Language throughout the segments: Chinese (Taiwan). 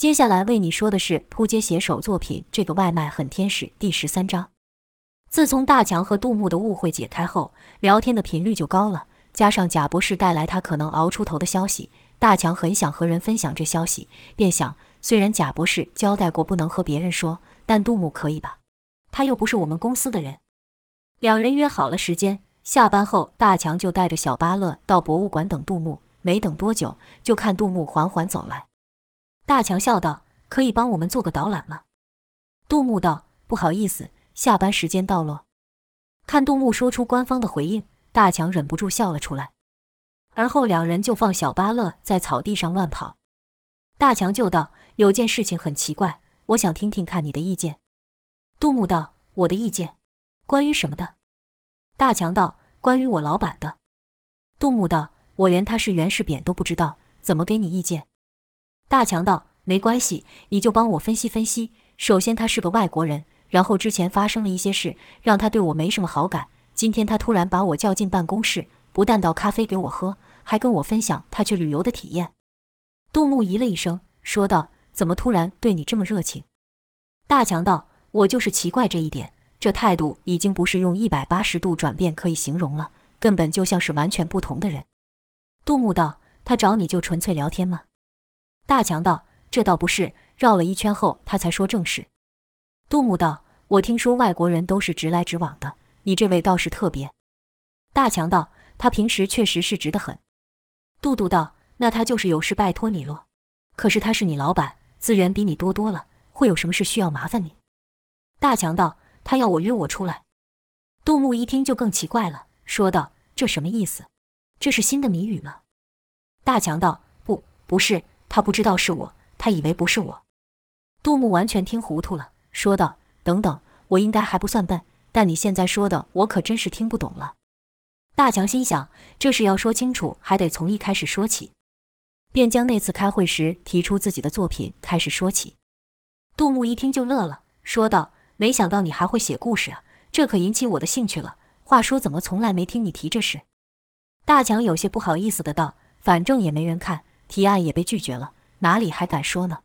接下來為你說的是撲街寫手作品《這個外賣很天使》第十三章。自從大強和杜牧的誤會解開後，聊天的頻率就高了。加上賈博士帶來他可能熬出頭的消息，大強很想和人分享這消息，便想：雖然賈博士交代過不能和別人說，但杜牧可以吧？他又不是我們公司的人。兩人約好了時間，下班後，大強就帶着小巴樂到博物館等杜牧。沒等多久，就看杜牧緩緩走來。大強笑道：“可以幫我們做個導覽嗎？”杜牧道：“不好意思，下班時間到了。”看杜牧說出官方的回應，大強忍不住笑了出來。而後兩人就放小巴樂在草地上亂跑。大強就道：“有件事情很奇怪，我想聽聽看你的意見。”杜牧道：“我的意見？關於什麼的？”大強道：“關於我老板的。”杜牧道：“我連他是圓是扁都不知道，怎麼給你意見？”大強道：“沒關係，你就幫我分析分析。首先，他是個外國人，然後之前發生了一些事，讓他對我沒什麼好感。今天他突然把我叫進辦公室，不但倒咖啡給我喝，還跟我分享他去旅遊的體驗。”杜牧咦了一聲，說道：“怎麼突然對你這麼熱情？”大強道：“我就是奇怪這一點，這態度已經不是用一百八十度轉變可以形容了，根本就像是完全不同的人。”杜牧道：“他找你就純粹聊天嗎？”大強道：“這倒不是。”繞了一圈後，他才說正事。杜牧道：“我聽說外國人都是直來直往的，你這位倒是特別。”大強道：“他平時確實是直得很。”杜牧道：“那他就是有事拜託你了。可是他是你老板，資源比你多多了，會有什麼事需要麻煩你？”大強道：“他要我約我出來。”杜牧一聽就更奇怪了，說道：“這什麼意思？這是新的謎語嗎？”大強道：“不，不是。”他不知道是我，他以為不是我。杜牧完全聽糊塗了，說道：“等等，我應該還不算笨，但你現在說的，我可真是聽不懂了。”大強心想，這事要說清楚，還得從一開始說起，便將那次開會時提出自己的作品開始說起。杜牧一聽就樂了，說道：“沒想到你還會寫故事啊，這可引起我的興趣了。話說，怎麼從來沒聽你提這事？”大強有些不好意思的道：“反正也沒人看。”提案也被拒絕了，哪裡還敢說呢？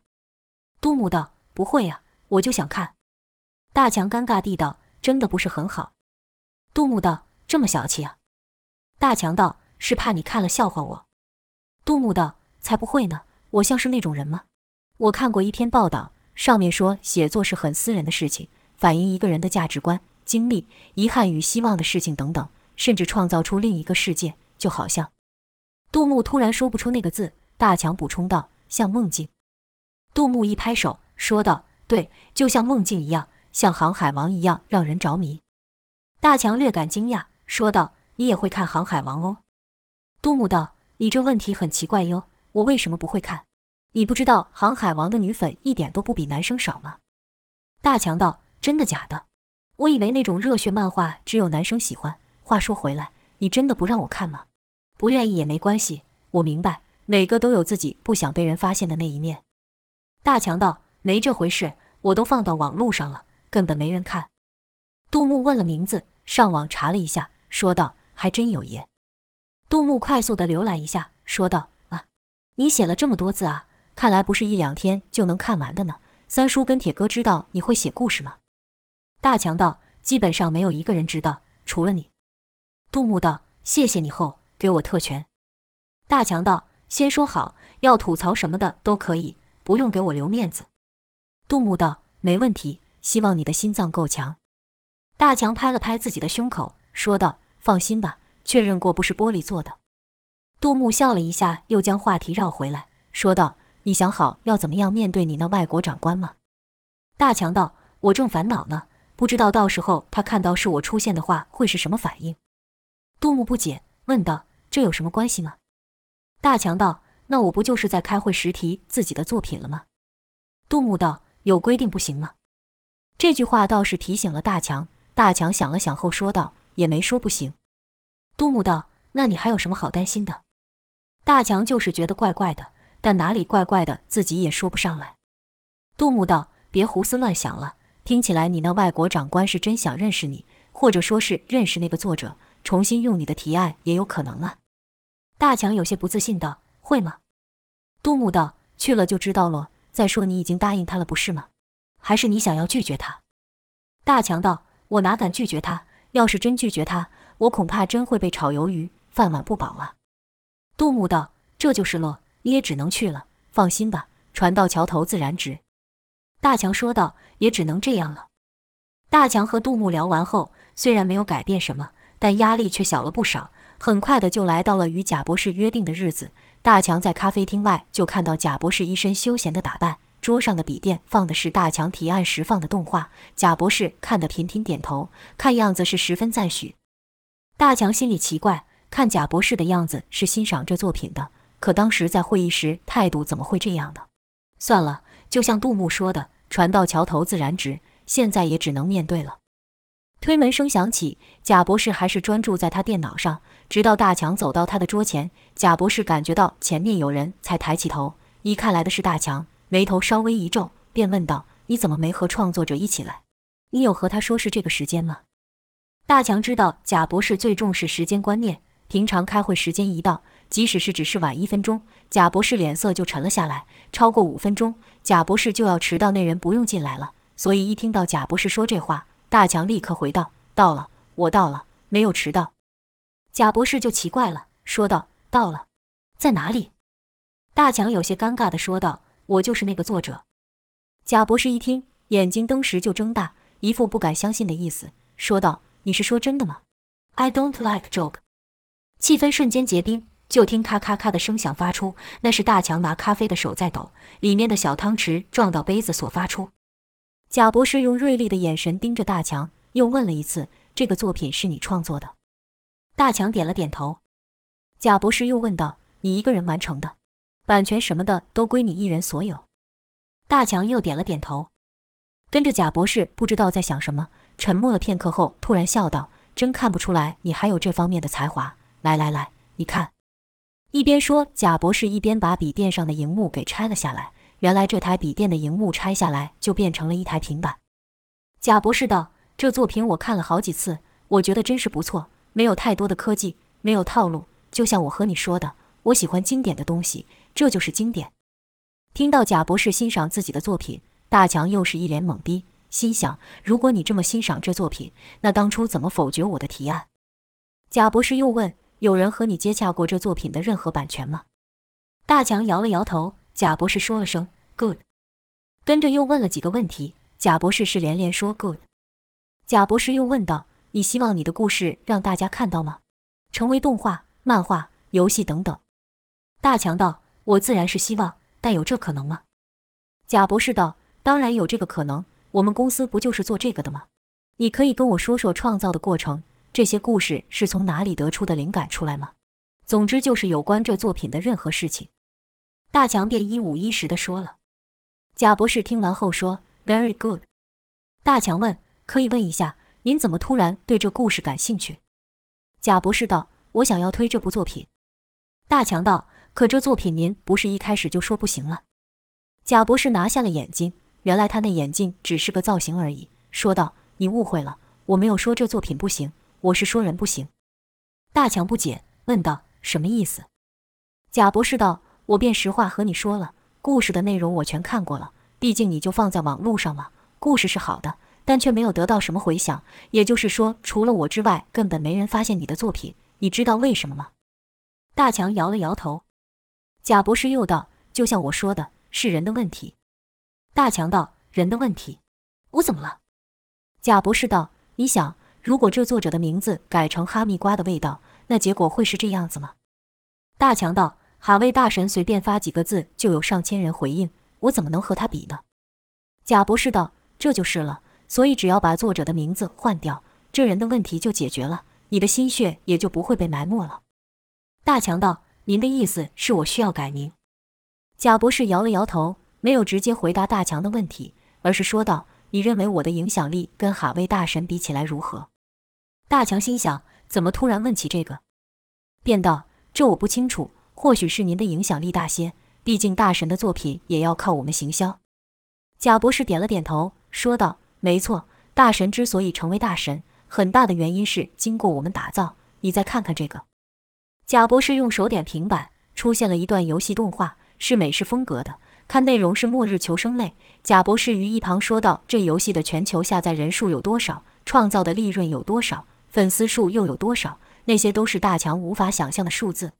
杜牧道：“不會呀，我就想看。”大強尷尬地道：“真的不是很好。”杜牧道：“這麼小氣啊？”大強道：“是怕你看了笑話我。”杜牧道：“才不會呢，我像是那種人嗎？”我看過一篇報道，上面說寫作是很私人的事情，反映一個人的價值觀、經歷、遺憾與希望的事情等等，甚至創造出另一個世界，就好像……杜牧突然說不出那個字。大強補充道：“像夢境。”杜牧一拍手說道：“對，就像夢境一樣，像《航海王》一樣，讓人着迷。”大強略感驚訝說道：“你也會看《航海王》哦？”杜牧道：“你這問題很奇怪喲，我為什麼不會看？你不知道《航海王》的女粉一點都不比男生少嗎？”大強道：“真的假的？我以為那種熱血漫畫只有男生喜歡。話說回來，你真的不讓我看嗎？不願意也沒關係，我明白。”每個都有自己不想被人發現的那一面。大強道：“沒這回事，我都放到網絡上了，根本沒人看。”杜牧問了名字，上網查了一下，說道：“還真有耶。”杜牧快速地瀏覽一下，說道：“啊，你寫了這麼多字啊，看來不是一兩天就能看完的呢。三叔跟鐵哥知道你會寫故事嗎？”大強道：“基本上沒有一個人知道，除了你。”杜牧道：“謝謝你，後給我特權。”大強道。先說好，要吐槽什麼的都可以，不用給我留面子。杜牧道：“沒問題，希望你的心臟夠強。”大強拍了拍自己的胸口，說道：“放心吧，確認過不是玻璃做的。”杜牧笑了一下，又將話題繞回來，說道：“你想好要怎麼樣面對你那外國長官嗎？”大強道：“我正煩惱呢，不知道到時候他看到是我出現的話會是什麼反應。”杜牧不解，問道：“這有什麼關係嗎？”大強道：“那我不就是在開會時提自己的作品了嗎？”杜牧道：“有規定不行嗎？”這句話倒是提醒了大強。大強想了想後說道：“也沒說不行。”杜牧道：“那你還有什麼好擔心的？”大強就是覺得怪怪的，但哪裡怪怪的，自己也說不上來。杜牧道：“別胡思亂想了，聽起來你那外國長官是真想認識你，或者說是認識那個作者，重新用你的提案也有可能了。大強有些不自信道：“會嗎？”杜牧道：“去了就知道了。再說你已經答應他了，不是嗎？還是你想要拒絕他？”大強道：“我哪敢拒絕他？要是真拒絕他，我恐怕真會被炒魷魚，飯碗不保啊。”杜牧道：“這就是了，你也只能去了。放心吧，船到橋頭自然直。”大強說道：“也只能這樣了。”大強和杜牧聊完後，雖然沒有改變什麼，但壓力卻小了不少。很快的就來到了與賈博士約定的日子，大強在咖啡廳外就看到賈博士一身休閒的打扮，桌上的筆電放的是大強提案時放的動畫，賈博士看得頻頻點頭，看樣子是十分贊許。大強心裡奇怪，看賈博士的樣子是欣賞這作品的，可當時在會議時態度怎麼會這樣的？算了，就像杜牧說的“船到橋頭自然直”，現在也只能面對了。推門聲響起，賈博士還是專注在他電腦上，直到大強走到他的桌前，賈博士感覺到前面有人才抬起頭，一看來的是大強，眉頭稍微一皺，便問道：“你怎麼沒和創作者一起來？你有和他說是這個時間嗎？”大強知道賈博士最重視時間觀念，平常開會時間一到，即使是只是晚一分鐘，賈博士臉色就沉了下來。超過五分鐘，賈博士就要遲到，那人不用進來了。所以一聽到賈博士說這話。大強立刻回道：“到了，我到了，沒有遲到。”賈博士就奇怪了，說道：“到了，在哪裡？”大強有些尷尬的說道：“我就是那個作者。”賈博士一聽，眼睛登時就睜大，一副不敢相信的意思，說道：“你是說真的嗎？”I don't like joke。氣氛瞬間結冰，就聽咔咔咔的聲響發出，那是大強拿咖啡的手在抖，裡面的小湯匙撞到杯子所發出。賈博士用銳利的眼神盯着大強，又問了一次：“這個作品是你創作的？”大強點了點頭。賈博士又問道：“你一個人完成的，版權什麼的都歸你一人所有？”大強又點了點頭。跟着賈博士不知道在想什麼，沉默了片刻後，突然笑道：“真看不出來你還有這方面的才華。”來來來，你看。一邊說，賈博士一邊把筆電上的熒幕給拆了下來。原來這台筆電的熒幕拆下來就變成了一台平板。賈博士道：“這作品我看了好幾次，我覺得真是不錯，沒有太多的科技，沒有套路。就像我和你說的，我喜歡經典的東西，這就是經典。”聽到賈博士欣賞自己的作品，大強又是一臉懵逼，心想：“如果你這麼欣賞這作品，那當初怎麼否決我的提案？”賈博士又問：“有人和你接洽過這作品的任何版權嗎？”大強搖了搖頭。賈博士說了聲 “good”，跟着又問了幾個問題。賈博士是連連說 “good”。賈博士又問道：“你希望你的故事讓大家看到嗎？成為動畫、漫畫、遊戲等等？”大強道：“我自然是希望，但有這可能嗎？”賈博士道：“當然有這個可能，我們公司不就是做這個的嗎？你可以跟我說說創造的過程，這些故事是從哪裡得出的靈感出來嗎？總之就是有關這作品的任何事情。”大強便一五一十地說了。賈博士聽完後說：“Very good。”大強問：“可以問一下，您怎麼突然對這故事感興趣？”賈博士道：“我想要推這部作品。”大強道：“可這作品您不是一開始就說不行了？”賈博士拿下了眼鏡，原來他那眼鏡只是個造型而已，說道：“你誤會了，我沒有說這作品不行，我是說人不行。”大強不解，問道：“什麼意思？”賈博士道。我便實話和你說了，故事的內容我全看過了。畢竟你就放在網絡上嘛，故事是好的，但卻沒有得到什麼回響。也就是說，除了我之外，根本沒人發現你的作品。你知道為什麼嗎？大強搖了搖頭。賈博士又道：“就像我說的，是人的問題。”大強道：“人的問題？我怎麼了？”賈博士道：“你想，如果這作者的名字改成哈密瓜的味道，那結果會是這樣子嗎？”大強道：哈維大神隨便發幾個字就有上千人回應，我怎麼能和他比呢？賈博士道：“這就是了，所以只要把作者的名字換掉，這人的問題就解決了，你的心血也就不會被埋沒了。”大強道：“您的意思是我需要改名？”賈博士搖了搖頭，沒有直接回答大強的問題，而是說道：“你認為我的影響力跟哈維大神比起來如何？”大強心想：怎麼突然問起這個？便道：“這我不清楚。”或許是您的影響力大些，畢竟大神的作品也要靠我們行銷。賈博士點了點頭，說道：“沒錯，大神之所以成為大神，很大的原因是經過我們打造。你再看看這個。”賈博士用手點平板，出現了一段遊戲動畫，是美式風格的，看內容是末日求生類。賈博士於一旁說道：“這遊戲的全球下載人數有多少？創造的利潤有多少？粉絲數又有多少？那些都是大強無法想象的數字。”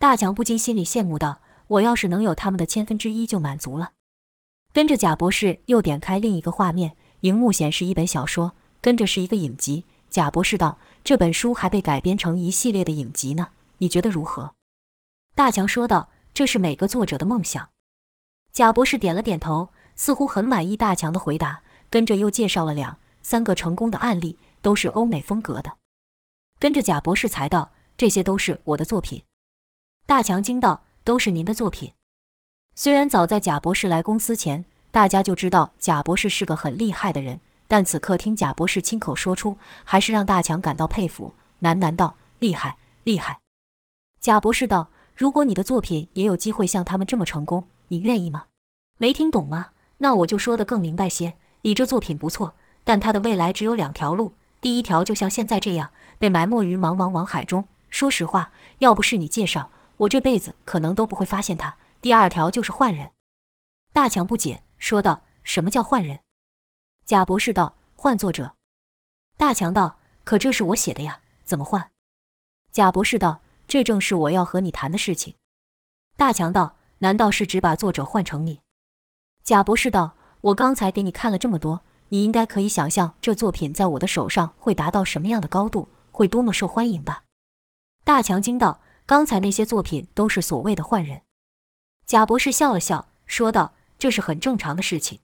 大強不禁心裡羨慕道：“我要是能有他們的千分之一就滿足了。”跟着賈博士又點開另一個畫面，熒幕顯示一本小說，跟着是一個影集。賈博士道：“這本書還被改編成一系列的影集呢，你覺得如何？”大強說道：“這是每個作者的夢想。”賈博士點了點頭，似乎很滿意大強的回答，跟着又介紹了兩三個成功的案例，都是歐美風格的。跟着賈博士才道：“這些都是我的作品。”大強驚道：“都是您的作品。”雖然早在賈博士來公司前，大家就知道賈博士是個很厲害的人，但此刻聽賈博士親口說出，還是讓大強感到佩服，喃喃道：“厲害，厲害。”賈博士道：“如果你的作品也有機會像他們這麼成功，你願意嗎？”“沒聽懂嗎？”“那我就說得更明白些。你這作品不錯，但它的未來只有兩條路：第一條就像現在這樣，被埋沒於茫茫網海中。說實話，要不是你介紹……”我這輩子可能都不會發現他。第二條就是換人。大強不解說道：“什麼叫換人？”賈博士道：“換作者。”大強道：“可這是我寫的呀，怎麼換？”賈博士道：“這正是我要和你談的事情。”大強道：“難道是只把作者換成你？”賈博士道：“我剛才給你看了這麼多，你應該可以想象這作品在我的手上會達到什麼樣的高度，會多麼受歡迎吧？”大強驚道。剛才那些作品都是所謂的換人？賈博士笑了笑說道：“這是很正常的事情。”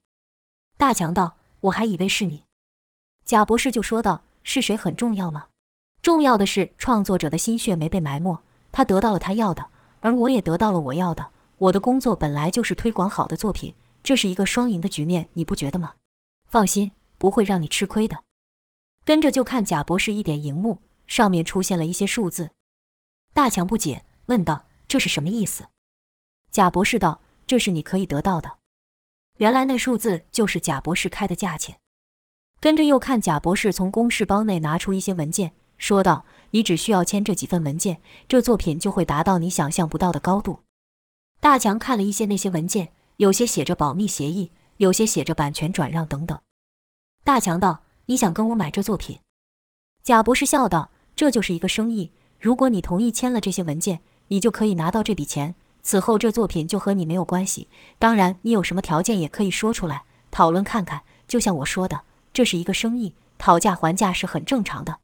大強道：“我還以為是你。”賈博士就說道：“是誰很重要嗎？重要的是創作者的心血沒被埋沒，他得到了他要的，而我也得到了我要的。我的工作本來就是推廣好的作品，這是一個雙贏的局面，你不覺得嗎？”放心，不會讓你吃虧的。跟着就看賈博士一點熒幕，上面出現了一些數字。大強不解，問道：“這是什麼意思？”賈博士道：“這是你可以得到的。”原來那數字就是賈博士開的價錢。跟着又看賈博士從公事包內拿出一些文件，說道：“你只需要簽這幾份文件，這作品就會達到你想象不到的高度。”大強看了一些那些文件，有些寫着保密協議，有些寫着版權轉讓等等。大強道：“你想跟我買這作品？”賈博士笑道：“這就是一個生意。”如果你同意簽了這些文件，你就可以拿到這筆錢。此後，這作品就和你沒有關係。當然，你有什麼條件也可以說出來，討論看看。就像我說的，這是一個生意，討價還價是很正常的。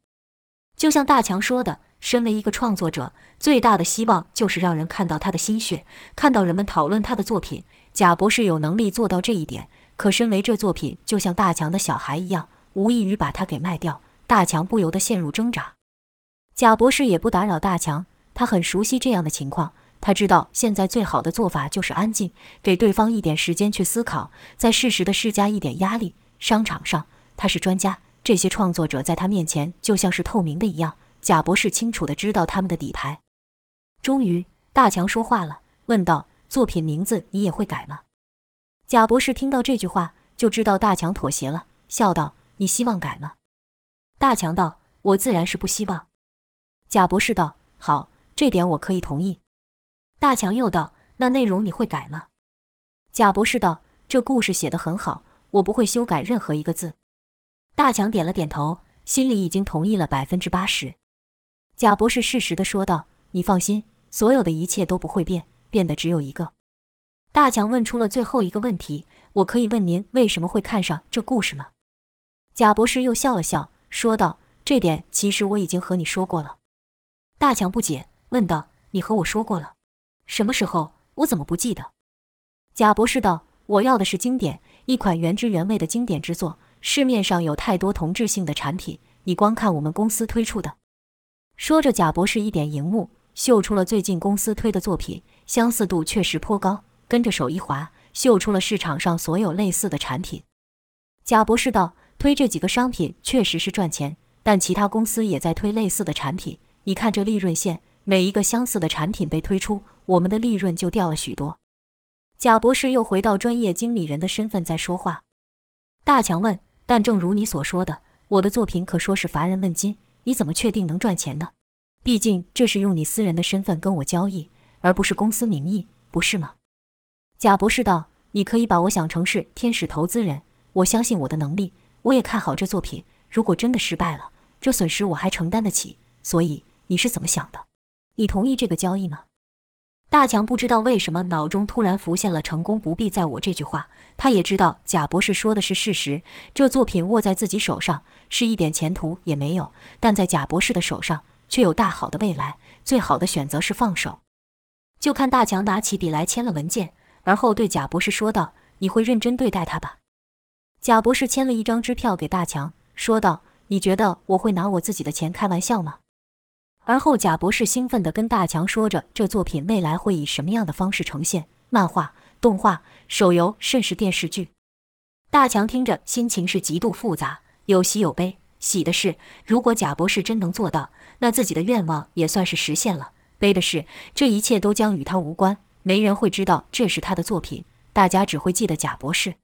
就像大強說的，身為一個創作者，最大的希望就是讓人看到他的心血，看到人們討論他的作品。賈博士有能力做到這一點，可身為這作品，就像大強的小孩一樣，無異於把它給賣掉。大強不由得陷入掙扎。賈博士也不打擾大強，他很熟悉這樣的情況，他知道現在最好的做法就是安靜，給對方一點時間去思考，再適時地施加一點壓力。商場上他是專家，這些創作者在他面前就像是透明的一樣。賈博士清楚地知道他們的底牌。終於，大強說話了，問道：“作品名字你也會改嗎？”賈博士聽到這句話，就知道大強妥協了，笑道：“你希望改嗎？”大強道：“我自然是不希望。”賈博士道：“好，這點我可以同意。”大強又道：“那內容你會改嗎？”賈博士道：“這故事寫得很好，我不會修改任何一個字。”大強點了點頭，心裡已經同意了百分之八十。賈博士適時地說道：“你放心，所有的一切都不會變，變的只有一個。”大強問出了最後一個問題：“我可以問您為什麼會看上這故事嗎？”賈博士又笑了笑，說道：“這點其實我已經和你說過了。”大強不解問道：“你和我說過了，什麼時候？我怎麼不記得？”賈博士道：“我要的是經典，一款原汁原味的經典之作。市面上有太多同質性的產品，你光看我們公司推出的。”說着，賈博士一點熒幕，秀出了最近公司推的作品，相似度確實頗高。跟着手一滑，秀出了市場上所有類似的產品。賈博士道：“推這幾個商品確實是賺錢，但其他公司也在推類似的產品。”你看這利潤線，每一個相似的產品被推出，我們的利潤就掉了許多。賈博士又回到專業經理人的身份在說話。大強問：“但正如你所說的，我的作品可說是乏人問津，你怎麼確定能賺錢呢？畢竟這是用你私人的身份跟我交易，而不是公司名義，不是嗎？”賈博士道：“你可以把我想成是天使投資人，我相信我的能力，我也看好這作品。如果真的失敗了，這損失我還承擔得起，所以。”你是怎麼想的？你同意這個交易嗎？大強不知道為什麼腦中突然浮現了“成功不必在我”這句話。他也知道賈博士說的是事實，這作品握在自己手上是一點前途也沒有，但在賈博士的手上卻有大好的未來。最好的選擇是放手。就看大強拿起筆來簽了文件，而後對賈博士說道：“你會認真對待他吧？”賈博士簽了一張支票給大強，說道：“你覺得我會拿我自己的錢開玩笑嗎？”而後，賈博士興奮地跟大強說着：“這作品未來會以什麼樣的方式呈現？漫畫、動畫、手遊，甚是電視劇。”大強聽着，心情是極度複雜，有喜有悲。喜的是，如果賈博士真能做到，那自己的願望也算是實現了；悲的是，這一切都將與他無關，沒人會知道這是他的作品，大家只會記得賈博士。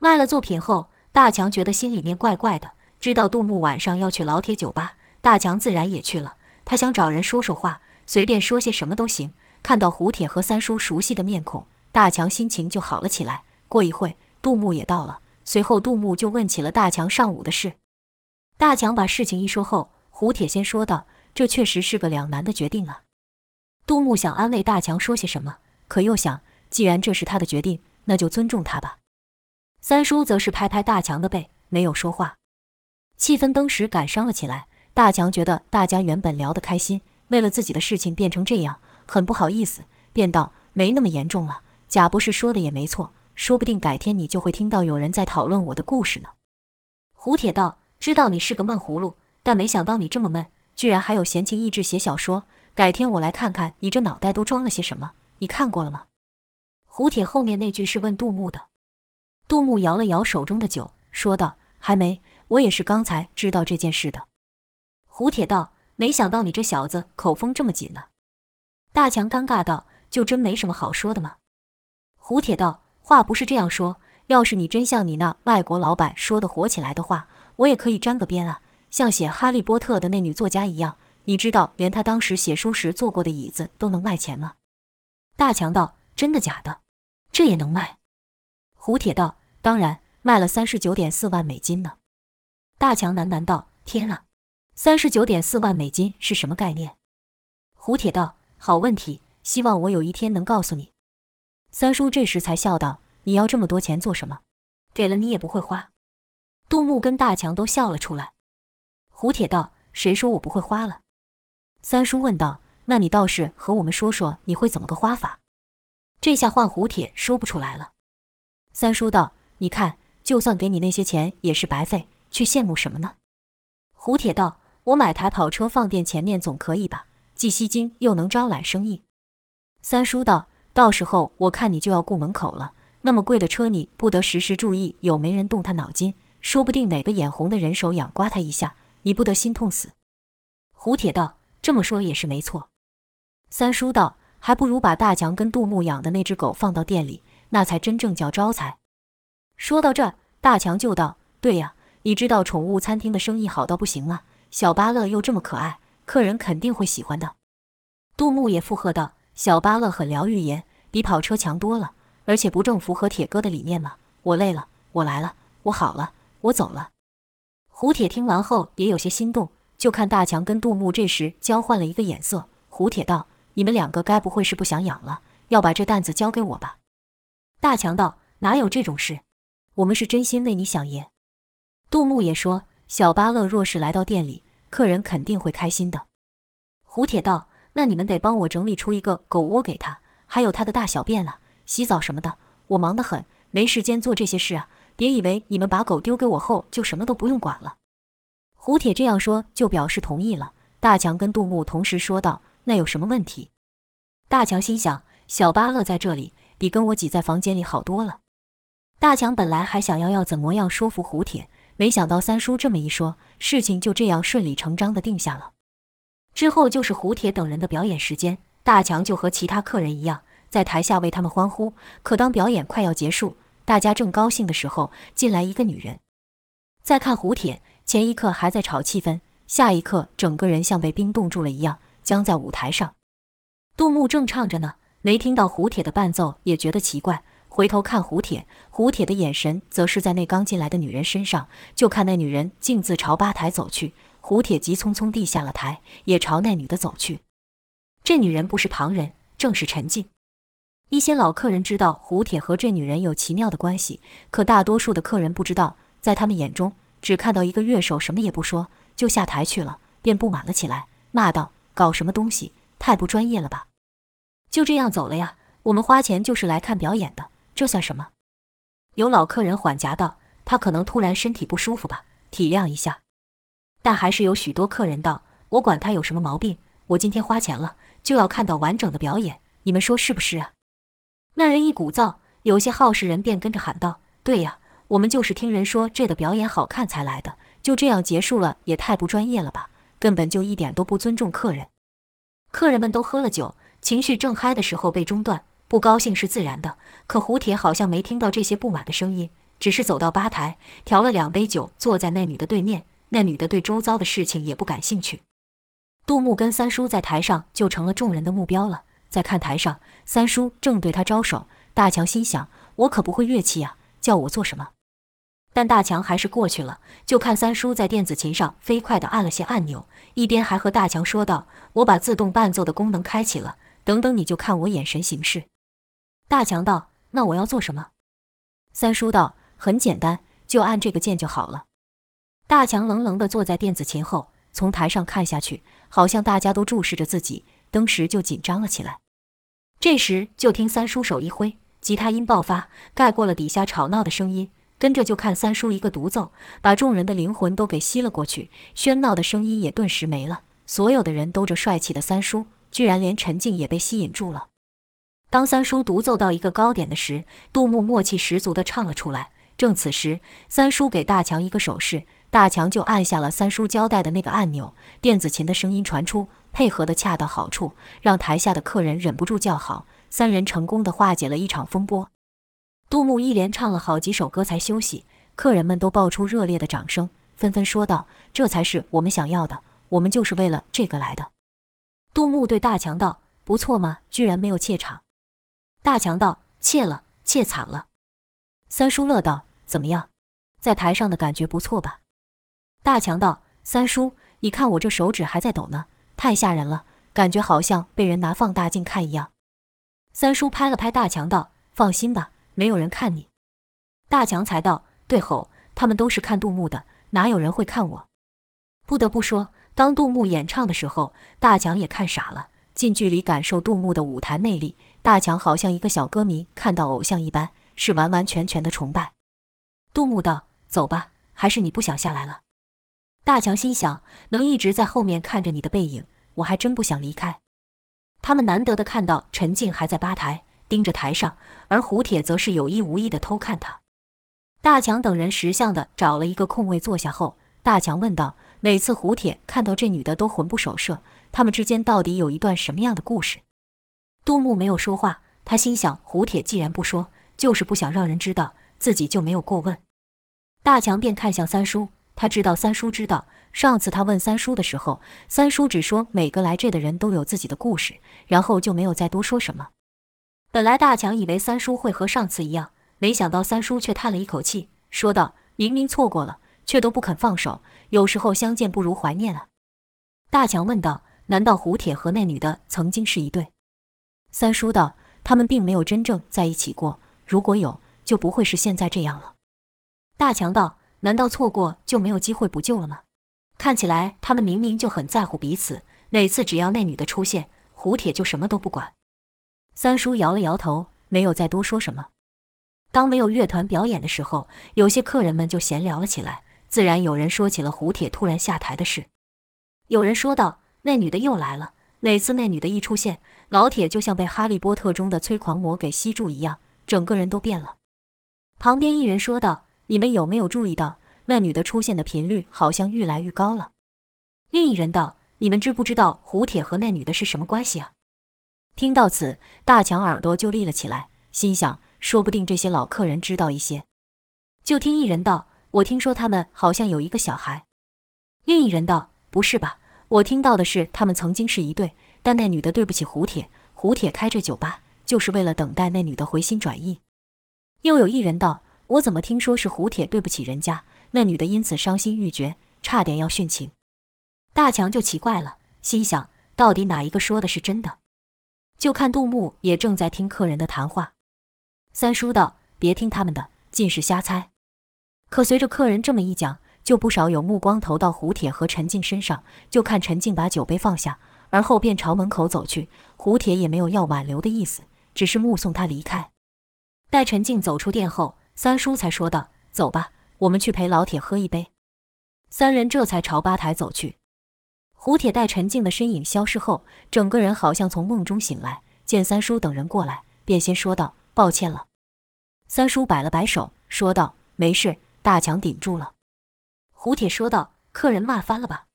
賣了作品後，大強覺得心裡面怪怪的。知道杜牧晚上要去老鐵酒吧，大強自然也去了。他想找人說說話，隨便說些什麼都行。看到胡鐵和三叔熟悉的面孔，大強心情就好了起來。過一會，杜牧也到了。隨後，杜牧就問起了大強上午的事。大強把事情一說後，胡鐵先說道：“這確實是個兩難的決定啊。”杜牧想安慰大強說些什麼，可又想，既然這是他的決定，那就尊重他吧。三叔則是拍拍大強的背，沒有說話。氣氛登時感傷了起來。大強覺得大家原本聊得開心，為了自己的事情變成這樣，很不好意思，便道：“沒那麼嚴重了。”賈博士說的也沒錯，說不定改天你就會聽到有人在討論我的故事呢。胡鐵道：“知道你是個悶葫蘆，但沒想到你這麼悶，居然還有閒情逸致寫小說。改天我來看看你這腦袋都裝了些什麼。”你看過了嗎？胡鐵後面那句是問杜牧的。杜牧搖了搖手中的酒，說道：“還沒，我也是剛才知道這件事的。”胡鐵道，沒想到你這小子口風這麼緊呢。大強尷尬道：“就真沒什麼好說的嗎？”胡鐵道：“話不是這樣說，要是你真像你那外國老闆說的火起來的話，我也可以沾個邊啊，像寫《哈利波特》的那女作家一樣。你知道，連她當時寫書時坐過的椅子都能賣錢嗎？”大強道：“真的假的？這也能賣？”胡鐵道：“當然，賣了三十九點四萬美金呢。”大強喃喃道：“天啊！”三十九點四萬美金是什麼概念？」胡鐵道，好問題，希望我有一天能告訴你。」三叔這時才笑道：“你要這麼多錢做什麼？給了你也不會花。”杜牧跟大強都笑了出來。胡鐵道：“誰說我不會花了？”三叔問道：“那你倒是和我們說說，你會怎麼個花法？”這下換胡鐵說不出來了。三叔道：“你看，就算給你那些錢也是白費，去羨慕什麼呢？”胡鐵道，我買台跑車放店前面總可以吧？既吸金又能招攬生意。三叔道：“到時候我看你就要顧門口了。那麼貴的車，你不得時時注意有沒人動他腦筋？說不定哪個眼紅的人手癢刮他一下，你不得心痛死？”胡鐵道：“這麼說也是沒錯。”三叔道：“還不如把大強跟杜牧養的那隻狗放到店裡，那才真正叫招財。”說到這兒，大強就道：“對呀、啊，你知道寵物餐廳的生意好到不行了、啊。”小巴樂又這麼可愛，客人肯定會喜歡的。杜牧也附和道：“小巴樂很療癒耶，比跑車強多了，而且不正符合鐵哥的理念嗎？”我累了，我來了，我好了，我走了。胡鐵聽完後也有些心動，就看大強跟杜牧這時交換了一個眼色。胡鐵道：“你們兩個該不會是不想養了，要把這擔子交給我吧？”大強道：“哪有這種事，我們是真心為你想爺。”杜牧也說：“小巴樂若是來到店裡。”客人肯定會開心的，胡鐵道，那你們得幫我整理出一個狗窩給他，還有他的大小便啊，洗澡什麼的。我忙得很，沒時間做這些事啊！別以為你們把狗丟給我後就什麼都不用管了。胡鐵這樣說，就表示同意了。大強跟杜牧同時說道：“那有什麼問題？”大強心想：小巴樂在這裡比跟我擠在房間裡好多了。大強本來還想要要怎麼樣說服胡鐵。沒想到三叔這麼一說，事情就這樣順理成章地定下了。之後就是胡鐵等人的表演時間，大強就和其他客人一樣，在台下為他們歡呼。可當表演快要結束，大家正高興的時候，進來一個女人。再看胡鐵，前一刻還在炒氣氛，下一刻整個人像被冰凍住了一樣，僵在舞台上。杜牧正唱着呢，沒聽到胡鐵的伴奏，也覺得奇怪。回頭看胡鐵，胡鐵的眼神則是在那剛進來的女人身上。就看那女人徑自朝吧台走去，胡鐵急匆匆地下了台，也朝那女的走去。這女人不是旁人，正是陳靜。一些老客人知道胡鐵和這女人有奇妙的關係，可大多數的客人不知道。在他們眼中，只看到一個樂手什麼也不說就下台去了，便不滿了起來，罵道：“搞什麼東西，太不專業了吧？就這樣走了呀？我們花錢就是來看表演的。”這算什麼？有老客人緩頰道，他可能突然身體不舒服吧，體諒一下。但還是有許多客人道：“我管他有什麼毛病，我今天花錢了，就要看到完整的表演，你們說是不是啊？”那人一鼓噪，有些好事人便跟着喊道：“對呀，我們就是聽人說這的表演好看才來的。就這樣結束了，也太不專業了吧，根本就一點都不尊重客人。”客人們都喝了酒，情緒正嗨的時候被中斷。不高興是自然的，可胡鐵好像沒聽到這些不滿的聲音，只是走到吧台調了兩杯酒，坐在那女的對面。那女的對周遭的事情也不感興趣。杜牧跟三叔在台上就成了眾人的目標了。在看台上，三叔正對他招手。大強心想：我可不會樂器啊，叫我做什麼？但大強還是過去了。就看三叔在電子琴上飛快地按了些按鈕，一邊還和大強說道：“我把自動伴奏的功能開啟了。等等，你就看我眼神行事。”大強道：“那我要做什麼？”三叔道：“很簡單，就按這個鍵就好了。”大強冷冷地坐在電子琴後，從台上看下去，好像大家都注視着自己，登時就緊張了起來。這時，就聽三叔手一揮，吉他音爆發，蓋過了底下吵鬧的聲音。跟着就看三叔一個獨奏，把眾人的靈魂都給吸了過去，喧鬧的聲音也頓時沒了。所有的人都着帥氣的三叔，居然連陳靜也被吸引住了。當三叔獨奏到一個高點的時候，杜牧默契十足地唱了出來。正此時，三叔給大強一個手勢，大強就按下了三叔交代的那個按鈕。電子琴的聲音傳出，配合得恰到好處，讓台下的客人忍不住叫好。三人成功地化解了一場風波。杜牧一連唱了好幾首歌才休息，客人們都爆出熱烈的掌聲，紛紛說道：“這才是我們想要的，我們就是為了這個來的。”杜牧對大強道：“不錯嘛，居然沒有怯場。”大強道：“怯了，怯慘了。”三叔樂道：“怎麼樣，在台上的感覺不錯吧？”大強道：“三叔，你看我這手指還在抖呢，太嚇人了，感覺好像被人拿放大鏡看一樣。”三叔拍了拍大強道：“放心吧，沒有人看你。”大強才道：“對吼，他們都是看杜牧的，哪有人會看我？”不得不說，當杜牧演唱的時候，大強也看傻了，近距離感受杜牧的舞台魅力。大強好像一個小歌迷看到偶像一般，是完完全全的崇拜。杜牧道：“走吧，還是你不想下來了？”大強心想：能一直在後面看着你的背影，我還真不想離開。他們難得的看到陳靜還在吧台盯着台上，而胡鐵則是有意無意的偷看他。大強等人識相的找了一個空位坐下後，大強問道：“每次胡鐵看到這女的都魂不守舍，他們之間到底有一段什麼樣的故事？”杜牧沒有說話，他心想：胡鐵既然不說，就是不想讓人知道，自己就沒有過問。大強便看向三叔，他知道三叔知道。上次他問三叔的時候，三叔只說每個來這的人都有自己的故事，然後就沒有再多說什麼。本來大強以為三叔會和上次一樣，沒想到三叔卻嘆了一口氣，說道：“明明錯過了，卻都不肯放手。有時候相見不如懷念啊。”大強問道：“難道胡鐵和那女的曾經是一對？”三叔道：“他們並沒有真正在一起過，如果有，就不會是現在這樣了。”大強道：“難道錯過就沒有機會補救了嗎？”看起來他們明明就很在乎彼此，每次只要那女的出現，胡鐵就什麼都不管。三叔搖了搖頭，沒有再多說什麼。當沒有樂團表演的時候，有些客人們就閒聊了起來，自然有人說起了胡鐵突然下台的事。有人說道：“那女的又來了。”每次那女的一出現，老鐵就像被《哈利波特》中的催狂魔給吸住一樣，整個人都變了。旁邊一人說道：“你們有沒有注意到，那女的出現的頻率好像越來越高了？”另一人道：“你們知不知道胡鐵和那女的是什麼關係啊？”聽到此，大強耳朵就立了起來，心想：說不定這些老客人知道一些。就聽一人道：“我聽說他們好像有一個小孩。”另一人道：“不是吧？”我聽到的是，他們曾經是一對，但那女的對不起胡鐵。胡鐵開這酒吧就是為了等待那女的回心轉意。又有一人道：“我怎麼聽說是胡鐵對不起人家？那女的因此傷心欲絕，差點要殉情。”大強就奇怪了，心想：到底哪一個說的是真的？就看杜牧也正在聽客人的談話。三叔道：“別聽他們的，盡是瞎猜。”可隨着客人這麼一講。就不少有目光投到胡鐵和陳靜身上，就看陳靜把酒杯放下，而後便朝門口走去。胡鐵也沒有要挽留的意思，只是目送他離開。待陳靜走出店後，三叔才說道：“走吧，我們去陪老鐵喝一杯。”三人這才朝吧台走去。胡鐵待陳靜的身影消失後，整個人好像從夢中醒來，見三叔等人過來，便先說道：“抱歉了。”三叔擺了擺手，說道：“沒事，大強頂住了。”胡鐵說道：“客人罵翻了吧？”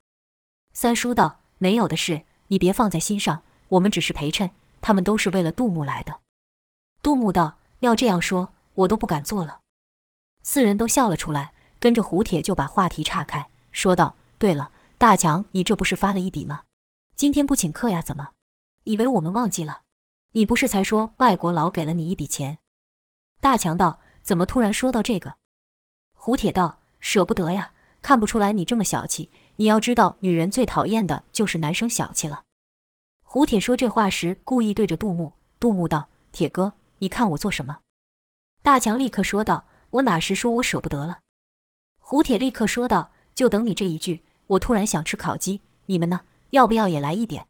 三叔道：“沒有的事，你別放在心上。我們只是陪襯，他們都是為了杜牧來的。”杜牧道：“要這樣說，我都不敢做了。”四人都笑了出來，跟着胡鐵就把話題岔開，說道：“對了，大強，你這不是發了一筆嗎？今天不請客呀？怎麼，以為我們忘記了？你不是才說外國佬給了你一筆錢？”大強道：“怎麼突然說到這個？”胡鐵道：“捨不得呀。”看不出來你這麼小氣，你要知道，女人最討厭的就是男生小氣了。胡鐵說這話時故意對着杜牧。杜牧道：“鐵哥，你看我做什麼？”大強立刻說道：“我哪時說我舍不得了。”胡鐵立刻說道：“就等你這一句，我突然想吃烤雞，你們呢？要不要也來一點？”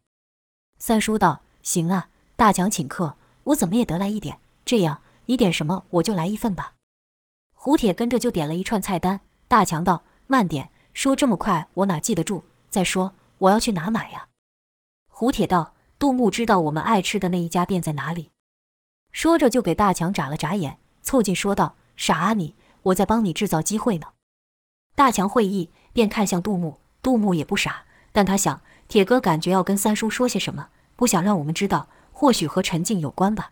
三叔道：“行啊，大強請客，我怎麼也得來一點。這樣，你點什麼我就來一份吧。”胡鐵跟着就點了一串菜單。大強道：慢點，說這麼快我哪記得住？再說我要去哪買呀？胡鐵道，杜牧知道我們愛吃的那一家店在哪裡？說着就給大強眨了眨眼，湊近說道：“傻啊你，我在幫你制造機會呢。”大強會意，便看向杜牧。杜牧也不傻，但他想，鐵哥感覺要跟三叔說些什麼，不想讓我們知道，或許和陳靜有關吧，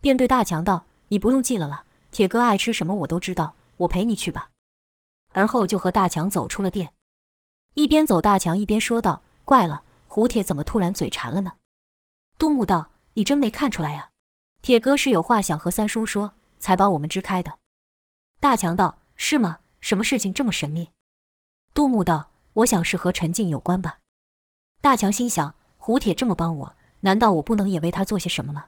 便對大強道：“你不用記了啦，鐵哥愛吃什麼我都知道，我陪你去吧。”而後就和大強走出了店，一邊走大強一邊說道：“怪了，胡鐵怎麼突然嘴饞了呢？”杜牧道：“你真沒看出來呀，啊，鐵哥是有話想和三叔說，才把我們支開的。”大強道：“是嗎？什麼事情這麼神秘？”杜牧道：“我想是和陳靜有關吧。”大強心想：胡鐵這麼幫我，難道我不能也為他做些什麼嗎？